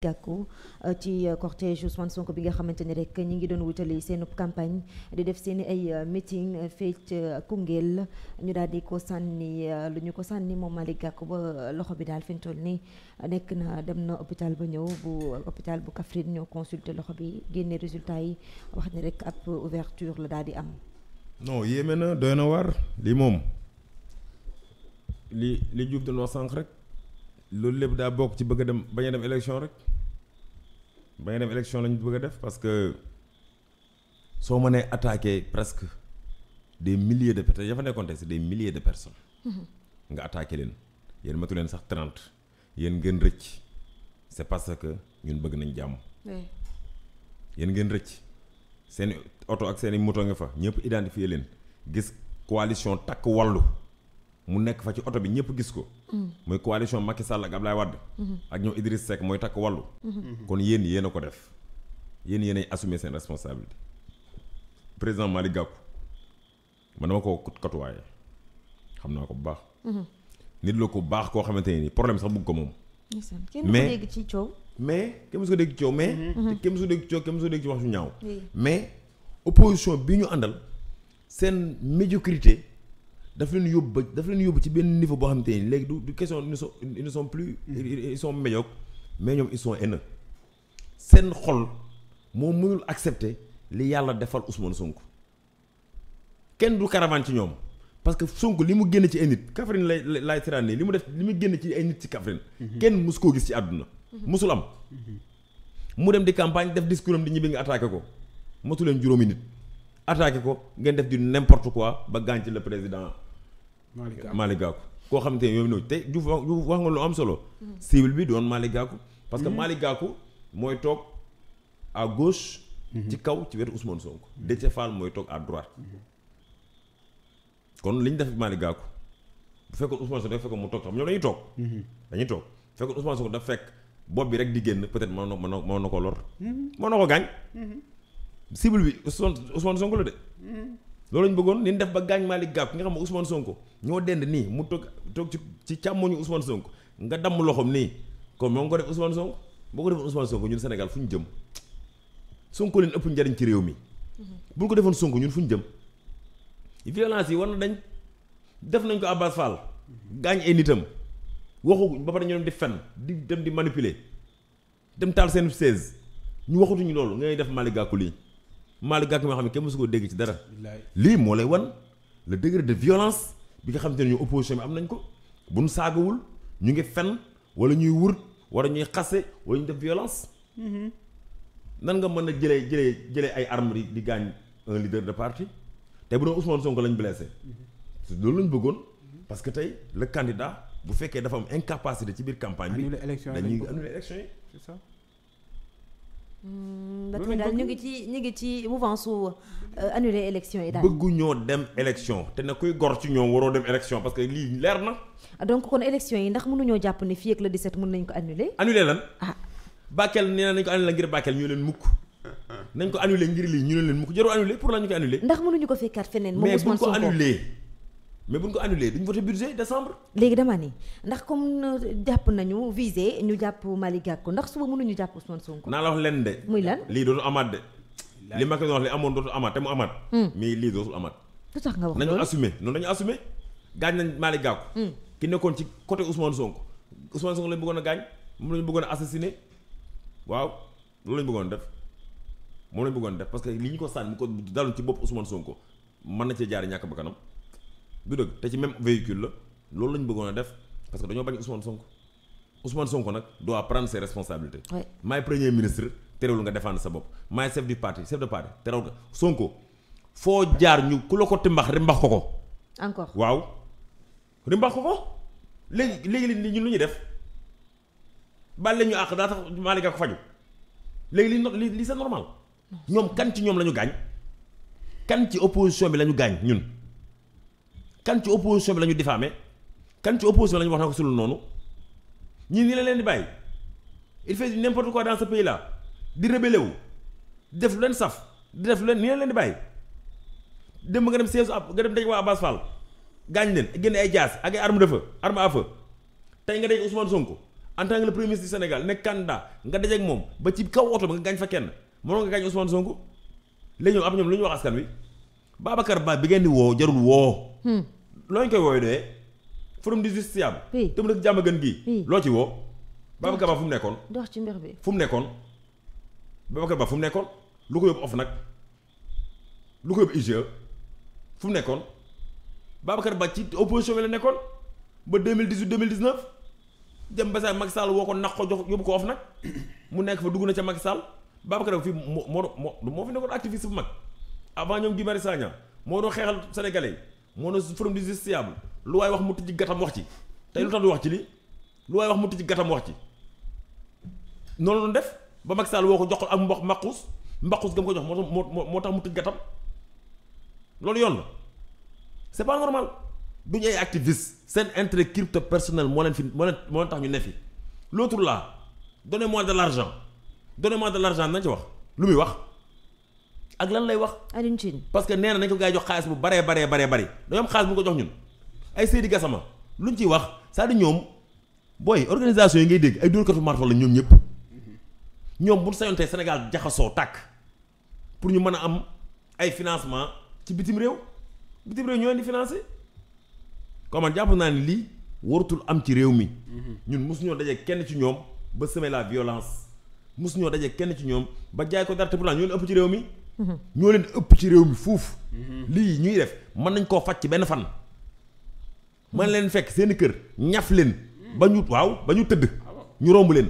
Gakou euh, ci euh, cortège Ousmane Sonko bi nga xamante ni rek ñi ngi doon wutali seen campagne di def seen ay euh, meeting feec Koungheul ñu daal di ko sànni lu ñu ko sànni moom Malick Gakou ba loxo bi daal fi mu nii nekk na dem na hôpital ba ñëw bu hôpital bu Kaffrine ñoo consulter loxo bi génne résultat yi wax ni rek ab ouverture la daal di am. non yéeme na doy na war li moom li li Diouf doon wax sànq rek. loolu lépp daa bokk ci bëgg a dem bañ a dem élection rek bañ a dem élection lañu bëgg a def parce que soo mënee attaqué presque des milliers de personnes ya fa nekkoon tey c'est des milliers de personnes. Mm-hmm. nga attaqué leen yéen matu leen sax trente yéen ngeen rëcc c'est parce que ñun bëgg nañu jàmm. yéen ngeen rëcc seeni oto ak seen i moto nga fa ñëpp identifié leen gis coalition takk wallu. mu nekk fa ci oto bi ñëpp gis ko. mooy coalition Macky Sall ak Ablaye Wade. ak ñoom Idriss Seck mooy takk wàllu. kon yéen yéen ko def yéen yéen a seen responsabilité président Malick Gakou man dama ko katuwaaye xam naa ko bu baax. nit la ko baax koo xamante ne nii problème sax bëgg ko moom. mais ci mais kenn su ko dégg ci coow mais. Mhm. kenn su ko dégg ci coow kenn su ko dégg ci wax su ñaaw. mais opposition bi ñu àndal seen médiocrité. daf leen yóbbu ba daf leen yóbbu ci benn niveau boo xamante ni léegi du du question ils sont ils sont plus ils sont mais ñoom ils sont seen xol moo mënul accepter li yàlla defal Ousmane Sonko kenn du caravane ci ñoom parce que sunk li mu génn ci ay nit Kaffrine lay lay tiraan nii li mu def li mu génn ci ay nit ci Kaffrine mhm. kenn mus koo gis ci àdduna mhm. musul am mhm. mu dem di campagne def discours am di ñibbi nga attaqué ko matu juróomi nit attaqué ko ngeen def di n'importe quoi ba gaañ ci le président Malick Gakou koo xam te ne ñoom ñoo te Diouf wax nga lu am solo. cible bi doon Malick Gakou. parce que mhm. Malick mooy toog à gauche. Mhm. ci kaw ci wetu Ousmane Sonko. Mhm. Déthié Fall mooy toog à droite. kon li ñu def Malick Gakou bu fekkoon Ousmane Sonko dafa mu toog xam ñoom toog. dañuy toog bu fekkoon Ousmane Sonko dafa fekk bopp bi rek di génn peut-être mën na mën na ko lor. mën na ko gaañ. cible bi Ousmane Sonko la de. loolu lañ bëggoon li def ba gaañ Malick Gakou nga xam ne Ousmane Sonko ñoo dend nii mu toog toog ci càmmooñu càmmoñu Ousmane nga damm loxoom nii comme moom ko def Ousmane Sonko boo ko defoon Ousmane Sonko ñun Sénégal fu ñu jëm Sonko leen ëpp njariñ ci réew mi buñ ko defoon sunk ñun fu ñu jëm violence yi war na dañ def nañ ko Abbas Fall gaañ ay nitam waxu ba pare ñu dem di fen di manipuler dem taal seen 16 ñu waxatuñu loolu ngay def mali Gakou lii Malick Gakou moo xam ne kenn mësu ko dégg ci dara lii moo lay wan le degré de violence bi nga xam te ne ñu opposition bi am nañ ko bu ñu saagawul ñu ngi fen wala ñuy wur wala ñuy xase wala ñu def violence mm-hmm. nan nga mën a jëlee jëlee jëlee ay armes di di gaañ un leader de parti te bu doon Ousmane Sonko lañ blessé mm-hmm. loolu lañ bëggoon mm-hmm. parce que tey le candidat bu fekkee dafa am incapacité ci biir campagne bi dañuy annuler élection yi c'est Hmm, loolu daal ñu ngi ci ñu ngi ci mouvance su euh, annulé élection yi daal. bëgguñoo dem élection te na kuy gor ci ñoom waroo dem élection parce que lii leer na. donc kon élection yi ndax mënuñoo jàpp ne fii ak le 17 mën nañ ko annulé. annulé lan. ah Bakel nee nañ ko annulé ngir Bakel ñu leen mukk. nañ ko annulé ngir lii ñu ne leen mu ko jarul annulé pour la koy annulé. ndax mënuñu ko fekkaat feneen. moom Ousmane Sonko mais buñ ko annulé mais bu buñ ko annulé duñ voté budget décembre. léegi dama ni ndax comme euh, jàpp nañu visé ñu jàpp Malick ko ndax suba mënuñu jàpp Ousmane Sonko. naa la wax lenn de. muy lan lii dootul amaat de. li Macky doon wax amaat te mu amaat. Hmm. mais lii dootul amaat. lu tax nga wax loolu nañu assumé noonu dañu assumé gaañ nañ Malick Gakou. Hmm. ki nekkoon ci côté Ousmane Sonko Ousmane Sonko lañ bëggoon a gaañ moom lañ bëggoon a assassiné waaw loolu lañ bëggoon def moom lañ bëggoon def parce que li ñu ko sànni ko daloon ci bopp Ousmane Sonko mën na cee jaar ñàkk ba kanam bi dëgg te ci même véhicule la loolu la ñu bëggoon a def parce que dañoo bañ Ousmane sonk Ousmane sonk nag doit prendre ses responsabilités. maay premier ministre terewul nga défendre sa bopp maay chef du parti chef de parti terewul nga Sonko foo jaar ñu ku la ko timbax rimbax ko ko. encore waaw rimbax ko ko léegi léegi li ñun lu ñuy def bàlle ñu àq daa tax Malick a ko faju léegi li li li c'est normal ñoom kan ci ñoom la ñu gaañ kan ci opposition bi la ñu gaañ ñun. kan ci opposition bi la ñu diffamé kan ci opposition bi la ñu wax na ko sulul noonu ñii nii la leen di bàyyi il fait n'importe quoi dans ce pays di rébellé wu def lu leen saf di def lu leen nii la leen di bàyyi dem nga dem siège ab nga dem daje waa Abbas Fall gaañ leen génne ay jaas ak ay arme de feu arme à tey nga daje Ousmane Sonko en tant que le premier ministre du Sénégal nekk nga daje ak moom ba ci kaw oto ba nga gaañ fa kenn moo nga gaañ Ousmane Sonko léegi ñoom ab lu ñu wax askan wi Babacar Ba bi ngeen di woo jarul woo. Hmm. loo ñu koy wooyu dee forum du justiciable te mu dëkk jàmm gën gii loo ci woo Babacar Ba fu mu nekkoon dox ci mbir bi fu mu nekkoon Babacar Ba fu mu nekkoon lu ko yóbbu of nag lu ko yóbbu IGE fu mu nekkoon Babacar Ba ci opposition bi la nekkoon ba 2018 2019 dem ba saa mag Sall woo ko nax ko jox yóbbu ko of nag mu nekk fa dugg na ca mag Sall Babacar Ba fii moo moo moo fi nekkoon activiste bu mag avant ñoom Guy Marius Sagna moo doon xeexal sénégalais moo ne forum di justiciable lu waay wax mu tijji gàttam wax ci tey lu tax du wax ci li lu waay wax mu tijji gàttam wax ci noonu la def ba Macky Sall woo ko jox ko ak mboq mbaqus mbaqus gam ko jox moo moo moo tax mu tijji gàttam loolu yoon la c'est du ñu duñu ay seen intérêt crypto personnel moo leen fi moo leen moo leen tax ñu ne fi l'autre là donnez-moi de l'argent donnez-moi de l'argent nañ ci wax lu muy wax. ak lan lay wax. Alioune Tine parce que nee na nañ ko gaa jox xaalis bu baree baree baree bari dañoo am xaalis bu ko jox ñun ay Seydi Gassama luñ ciy wax cest à ñoom booy organisation yi ngay dégg ay dóorkatu marto la ñoom ñëpp bu sañoon tey Sénégal jaxasoo tàkk pour ñu mën a am ay financement ci bitim réew bitim ñoo di financé kon jàpp naa ne lii warutul am ci réew mi. ñun mosuñoo daje kenn ci ñoom ba semer la violence mosuñoo daje kenn ci ñoom ba jaay ko dara te ñoo ëpp ci réew mi. ñoo leen ëpp ci réew mi fuuf. lii ñuy def mën nañ koo faj ci benn fan. mën leen fekk seen kër ñaf leen. ba ñu waaw ba ñu tëdd. ñu romb leen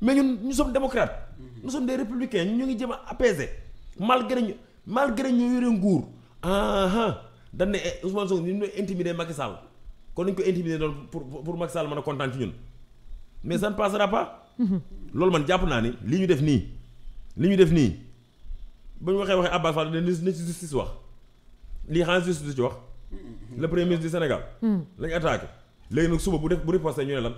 mais ñun ñu sommes démocrates. nous sommes des ñu ngi jëm a apaiser malgré ñu malgré ñu yore nguur. Ah, ah. dañ ne eh, Ousmane Sonko ñu intimider Macky Sall kon nañ ko intimider doon pour pour Macky Sall mën a kontaan ci mais ça ne passera mhm. loolu man jàpp naa ni li ñu def nii li ñu def nii. bu ñu waxee waxee Abbas Fall ne na ci justice wax lii xanaa justice du ci wax. le premier ministre du Sénégal. Mm. lañ attaqué. léegi nag suba bu def bu riposté ñu ne lan.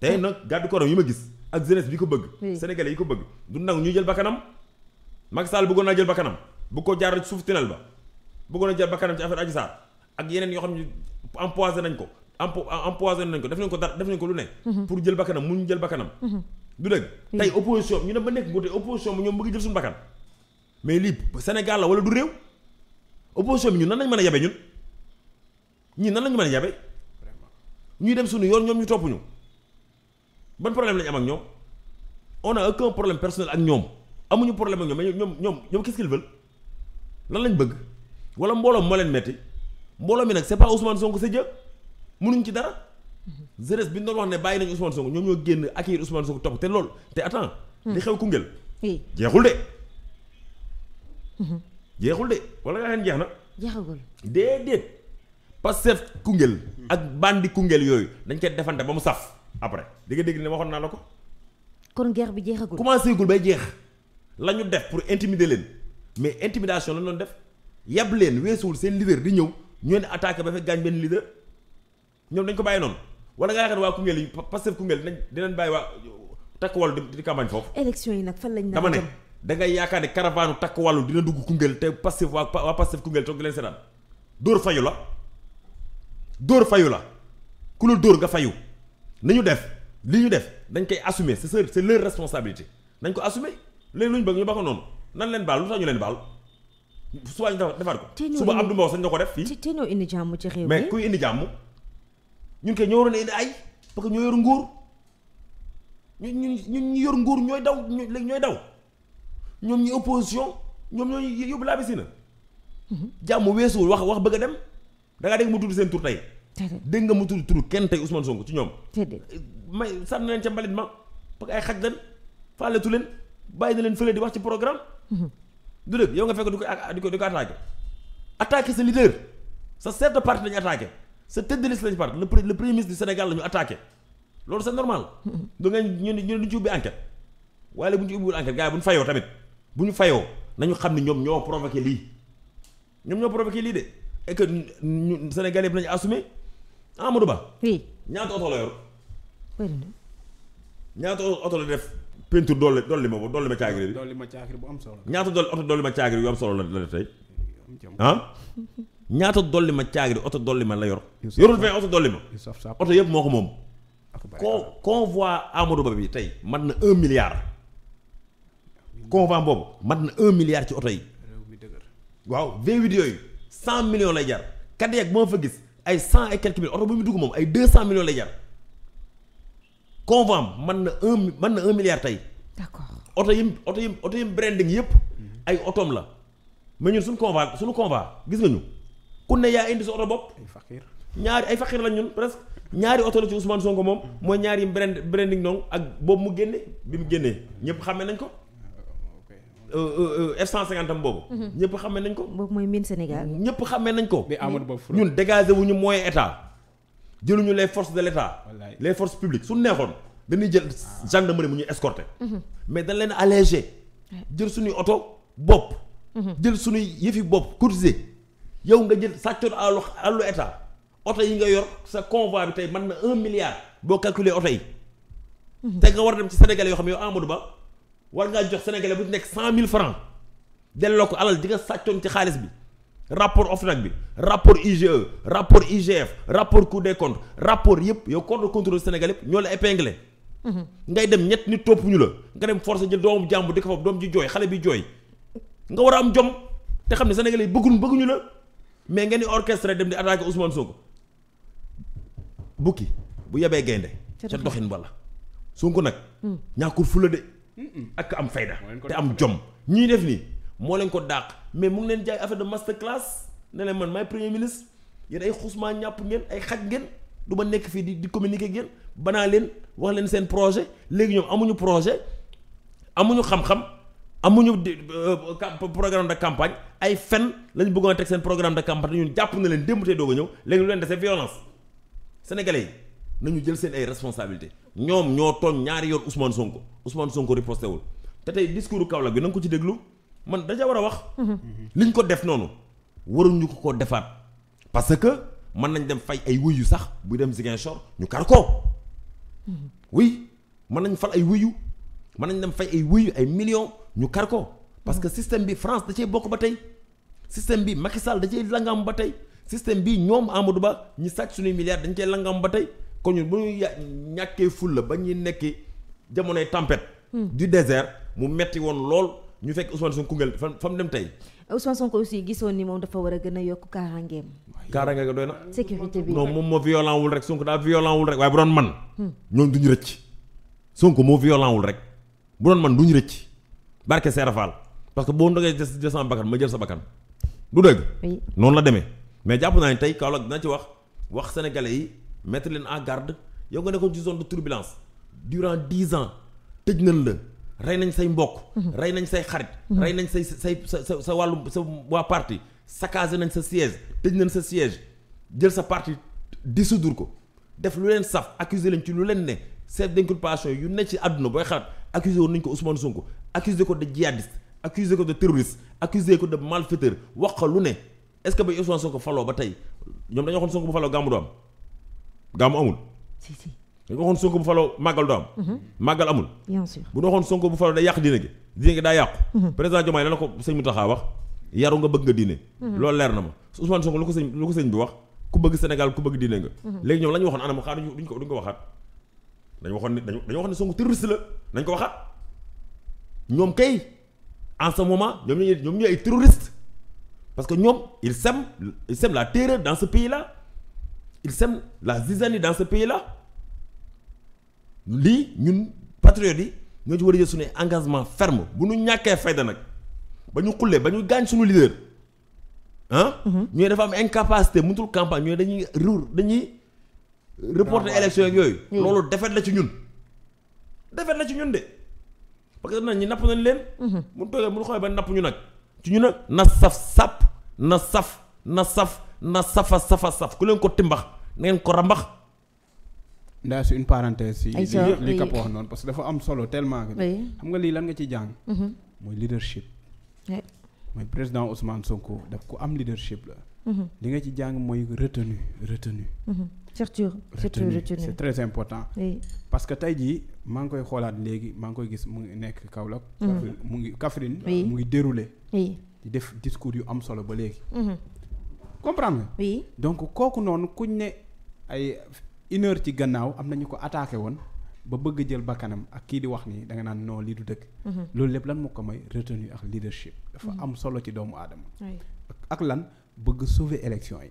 tey nag gàddu korom yi ma gis ak jeunesse bi ko bëgg. sénégalais yi ko bëgg du nangu ñu jël bakkanam. Macky saal bëggoon naa jël bakkanam bu ko jaar suuf tinal ba bëggoon na jël bakkanam ci affaire Adji Sarr ak yeneen yoo xam ne empoisonné nañ ko empo empoisonné nañ ko def nañ ko dara def nañ ko lu ne. Mm-hmm. pour jël bakkanam mu ñu jël bakkanam. Mm-hmm. du dëgg mm. tey opposition ñu ne ba nekk nguur tey opposition bi ñoom bëgg jël suñu bakkan mais lii Sénégal la wala du réew opposition bi ñun nan lañ mën a yabe ñun ñii nan lañ mën a yabe ñuy dem suñu yoon ñoom ñu topp ñu ban problème lañ am ak ñoom on a aucun problème personnel ak ñoom amuñu problème ak ñoom ñoom ñoom ñoom qu'est-ce qu'ils veulent lan lañ bëgg wala mbooloom moo leen metti mbooloo mi nag c'est pas Ousmane Sonko sa jë mënuñ ci dara jeunesse bi ñu doon wax ne bàyyi nañu Ousmane Sonko ñoom ñoo génn accueillir Ousmane Sonko topp te loolu te attends. li xew Koungheul. jeexul de. Mhm. jeexul de wala nga xam jeex na. jeexagul déedéet. Pastef Koungheul. ak bandi Koungheul yooyu dañ koy defante ba mu saf après dégg nga dégg ne waxoon naa la ko. kon guerre bi jeexagul. commencé gul bay jeex la ñu def pour intimider leen mais intimidation la ñu def yab leen weesuwul seen leader di ñëw ñoo ne attaqué ba fekk gaañ benn leader ñoom dañ ko bàyyi noonu. wala nga yaakaar waa Koungheul yi Pastef Koungheul dinañ dinañ bàyyi waa takk wàllu di di foofu. élection yi nag fan lañ dama yaakaar ne caravane takk wàllu dina dugg Koungheul te Pastef waa waa Pastef Koungheul toog di fayu la dóor fayu la ku la dóor nga fayu nañu def li ñu def dañ koy assumer c'est leur c'est leur responsabilité nañ ko assumer léegi lu ñu bëgg ñu ba ko noonu nan leen baal lu tax ñu leen baal suba ñu defaat ko. suba Abdou Mbow sax ñu ko def fii. te te ñoo indi jàmm ci réew mi mais indi jàmm. ñun koy ñoo waroon indi ay parce que ñoo yor nguur ñun ñu ñu ñu yor nguur ñooy daw léegi ñooy daw ñoom ñu opposition ñoom ñooy yóbbu laa bisi na. Mhm. jàmm weesuwul wax wax bëgg a dem da ngaa dégg mu tudd seen tur tey. dégg nga mu tudd tur kenn tey Ousmane Sonko ci ñoom. may sànni leen ca mbalit ma parce que ay xaj lañ faaletu leen bàyyi na leen fële di wax ci programme. Mhm. du dëgg yow nga fekk du ko di ko di ko attaqué. attaqué sa leader sa chef de parti lañu sa tête de liste lañu part le premier ministre du Sénégal la ñu attaqué loolu c'est normal du nga ñu ne duñ ci ubbi enquête waaye bu ñu ci ubbiwul enquête gars yi bu ñu fayoo tamit bu ñu fayoo nañu xam ne ñoom ñoo provoqué lii ñoom ñoo provoqué lii de et que ñu Sénégalais bi nañu assumé Amadou Ba. oui ñaata oto la yor. ñaata oto la def peinture dolli dolli ma dolli ma ñaata dolli oto dolli ma caagri yu am solo la la tey ñaata dolli ma caagri oto dolli ma la yor. yorul vingt oto dolli ma. oto yëpp moo ko moom. con convoi Amadou Ba bi tey mat na un milliard. convoi boobu mat na un milliard ci oto yi. waaw V8 yooyu cent millions lay jar. Cadillac boo fa gis ay cent et quelques oto bu mu dugg moom ay deux cent millions lay jar. convoi man na un mën na un milliard tey. d'accord oto yim oto yim oto yim branding yëpp. ay otoom la mais ñun suñu convoi suñu convoi gis nga ku ne yaa indi sa oto bopp. ñaari ay fakir lañ ñun presque. ñaari oto la ci Ousmane Sonko moom. mooy ñaari brand branding donc ak boobu mu génne bi mu génnee ñëpp xamee nañ ko. Euh, euh, euh, F150 am boobu. Mhm. ñëpp xamee nañ ko. boobu mooy mine Sénégal. ñëpp xamee nañ ko. ñun ñu wuñu moyen état. ñu les force de l' état. les forces publiques su neexoon dañuy jël gendarmerie mu ñu escorter. Mhm. mais dañ leen allégé. jël suñuy oto bopp. Mhm. jël suñuy yëfi bopp courtisé. yow nga jël sàccoon àllu àllu état oto yi nga yor sa convoi bi tey mën na un milliard boo calculer oto yi. Mhm. te nga war a dem ci sénégalais yoo xam ne yow Amadou Ba war ngaa jox sénégalais bu ci nekk cent mille francs delloo ko alal di nga sàccoon ci xaalis bi. rapport OFNAC bi rapport IGE rapport IGF rapport Cour des comptes rapport yëpp yow corps de contrôle Sénégal yëpp ñoo mhm. ngay dem ñett nit topp ñu la nga dem forcé jël doomu jàmbur di ko foofu doom ji jooy xale bi jooy nga war am jom te xam ne sénégalais yi bëgguñ bëgguñu la. mais ngeen di orchestre dem di attaqué Ousmane Sonko bukki bu yebee gaynde ca doxin bala Sonko nag hmm. ñàkkul fula de ak am fayda te am jom ñii def nii moo leen ko dàq mais mu ngi leen jaay affaire de master class ne man maay premier ministre yéen ay xusmaa ñàpp ngeen ay xaj ngeen du ma nekk fii di di communiquer ngeen banaa leen wax leen seen projet léegi ñoom amuñu projet amuñu xam-xam amuñu euh, programme de campagne ay fen lañ bëggoon a teg seen programme de campagne ñun jàpp na leen démb tey doog a ñëw léegi lu leen dese violence sénégalais yi nañu jël seen ay responsabilité ñoom ñoo tooñ ñaari yoon Ousmane Sonko Ousmane Sonko riposté wul te tey discours Kaolack bi na nga ko ci déglu man daja war a wax. Mhm. liñ ko def noonu waruñu ko koo defaat parce que mën nañ dem fay ay wuyu sax buy dem Ziguinchor ñu kar ko mhm. oui mën nañ fal ay wuyu mën nañ dem fay ay wuyu ay millions. ñu kar ko parce que système bi France da cee bokk ba tey système bi Macky Sall da cay langam ba tey système bi ñoom Amadou Ba ñi sàcc suñuy milliards dañ cay langam ba tey kon ñun bu ñu ñàkkee ful la ba ñuy nekki jamonoy tempête. Hmm. di désert mu metti woon lool ñu fekk Ousmane Sonko Koungheul fan fa mu dem tey. Ousmane Sonko aussi gisoon ni moom dafa war a gën a yokk kaaraangeem. kaaraange ga moo violent wul rek Sonko daa violent wul rek waaye bu doon man hmm. ñoom du ñu rëcc Sonko moo violent wul rek bu doon man du ñu rëcc. barke Serap Fall parce que boo ndogee jël sama bakkan ma jël sa bakkan du dëgg. noonu la demee mais jàpp naa ne tey Kaolack dina ci wax wax sénégalais yi mettre leen en garde yow nga nekkoon ci zone de turbulence durant dix ans tëj nañ la rey nañ say mbokk. Mhm. rey nañ say xarit. Mhm. rey nañ say say sa sa wàllu sa waa parti saccagé nañ sa siège tëj nañ sa siège jël sa parti dissoudre ko def lu leen saf accuser leen ci lu leen ne chef d'inculpation yu ne ci àdduna booy xalaat. accusé woon nañu ko Ousmane Sonko accusé ko de djihadiste accusé ko de terroriste accusé ko de malfaiteur wax ko lu ne est ba Ousmane Sonko faloo ba tey ñoom dañoo waxoon Sonko bu faloo gàmmu du am dañu waxoon Sonko bu faloo màggal du am. Mhm. màggal amul. bien sûr bu ñu waxoon Sonko bu faloo day yàq diine gi diine gi daa yàqu. Mhm. président Diomaye la ko sëñ Mountakha wax yaru nga bëgg nga diine. Mhm. loolu leer na ma Ousmane Sonko lu ko sëñ lu ko sëñ bi wax ku bëgg Sénégal ku bëgg diine nga. léegi ñoom la ñu dañu waxoon ne dañu dañoo waxoon ne Sonko terroriste la nañ ko waxaat ñoom kay en ce moment ñoom ñu ay terroriste parce que ñoom ils sèment ils sèment la terreur dans ce pays là ils sèment la zizanie dans ce pays la lii ñun patriotes yi ñoo ci war a jël suñu engagement ferme bu ñu ñàkkee fayda nag ba ñu xullee ba ñu gaañ suñu leader ah. Mm-hmm. ñooy dafa am incapacité mënutul campagne ñooy dañuy ruur dañuy. reporter ah, élection yeeg yooyu. Hmm. loolu defet la ci ñun. defet la ci ñun de parce que ñi napp nañ leen. mun hmm. toogee mun xoolee ba napp ñu nag. ci ñu nag na saf sap na saf na saf na safa safa saf ku leen ko timbax ngeen ko rambax. ndaa si une parenthèse li kapp wax noonu parce que dafa am solo tellement que xam nga lii lan nga ci jàng mm-hmm. mooy leadership mooy président Ousmane Sonko daf ku am leadership la mm-hmm. li nga ci jàng mooy retenu retenu mm-hmm. surtout surtout c'est très important. parce que tey jii maa ngi koy xoolaat léegi maa ngi koy gis mu ngi nekk Kaolack. Mhm. mu ngi Kaffrine. mu ngi déroulé. di def discours yu am solo ba léegi. Mhm. comprendre oui donc kooku noonu kuñ ne ay une ci gannaaw am na ñu ko attaqué woon ba bëgg jël bakkanam ak kii di wax nii da nga naan non lii du dëkk. Mhm. loolu lépp lan moo ko may retenue ak leadership. dafa am solo ci doomu aadama. ak lan bëgg sauver élection yi.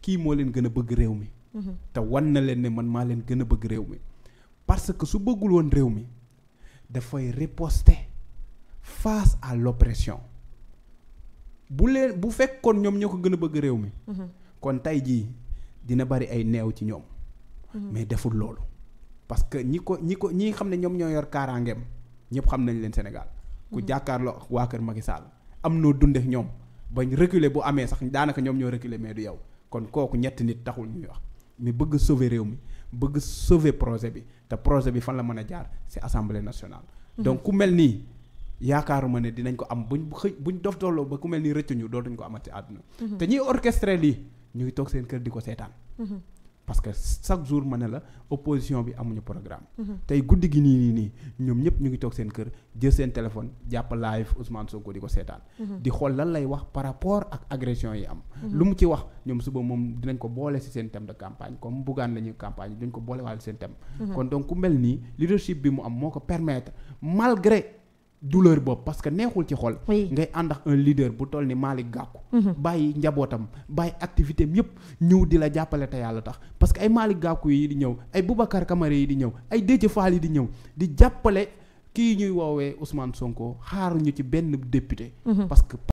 kii moo leen gën a bëgg réew mi. Mhm. te wan na leen ne man maa leen gën a bëgg réew mi parce que su bëggul woon réew mi dafay riposter face à l'oppression bu leen bu fekk fekkoon ñoom ñoo ko gën a bëgg réew mi. Mhm. kon tey jii dina bari ay neew ci ñoom. Mhm. mais deful loolu. parce que ñi ko ñi ko ñi xam ne ñoom ñoo yor kaaraangeem ñëpp xam nañ leen Sénégal. ku jàkkaarloo waa kër Macky Sall am noo dunde ñoom bañ reculer bu amee sax daanaka ñoom ñoo reculer mais du yow. kon kooku ñetti nit taxul ñuy wax mais bëgg sauver réew mi bëgg sauver projet bi te projet bi fan la mën a jaar c'est assemblée nationale. Mhm. donc ku mel nii yaakaaruma ne dinañ ko am buñ xëy buñ dof dolloo ba ku mel nii rëccuñu dootuñ ko amati àdduna. Mhm. te ñiy orchestré lii ñu ngi toog seen kër di ko seetaan. Mhm. parce que chaque jour ma ne la opposition bi amuñu programme. Mhm. tey guddi gi nii nii ñoom ñëpp ñu ngi toog seen kër jël seen téléphone jàpp live Ousmane Sonko di ko seetaan. Mhm. di xool lan lay wax par rapport ak agression yi am. Mhm. lu mu ci wax ñoom suba moom dinañ ko boole si seen thème comme Bougane la campagne duñ ko boolewaale seen thème. kon donc mel nii leadership bi mu am moo ko permettre malgré. douleur boobu parce que neexul ci xol. ngay ànd ak un leader bu toll ni Malick Gakou. Mhm. bàyyi njabootam bàyyi activité am yëpp ñëw di la jàppale te yàlla tax parce que ay Malick Gakou yi di ñëw ay Boubacar Camara yi di ñëw ay Déthié Fall yi di ñëw di jàppale kii ñuy woowee Ousmane Sonko ñu ci benn député. Mhm. parce